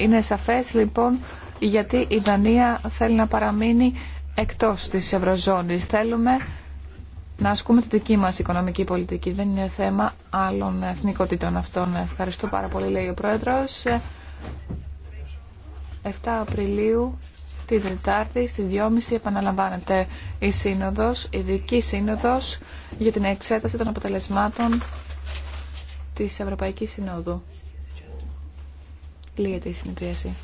Είναι σαφές λοιπόν γιατί η Δανία θέλει να παραμείνει εκτός της Ευρωζώνης. Θέλουμε να ασκούμε τη δική μας οικονομική πολιτική. Δεν είναι θέμα άλλων εθνικότητων αυτών. Ευχαριστώ πάρα πολύ, λέει ο Πρόεδρος. 7 Απριλίου, τη Δετάρτη, στη 2.30 επαναλαμβάνεται η σύνοδος, η δική σύνοδος για την εξέταση των αποτελεσμάτων της Ευρωπαϊκής Συνόδου. Λύεται η συνεδρίαση.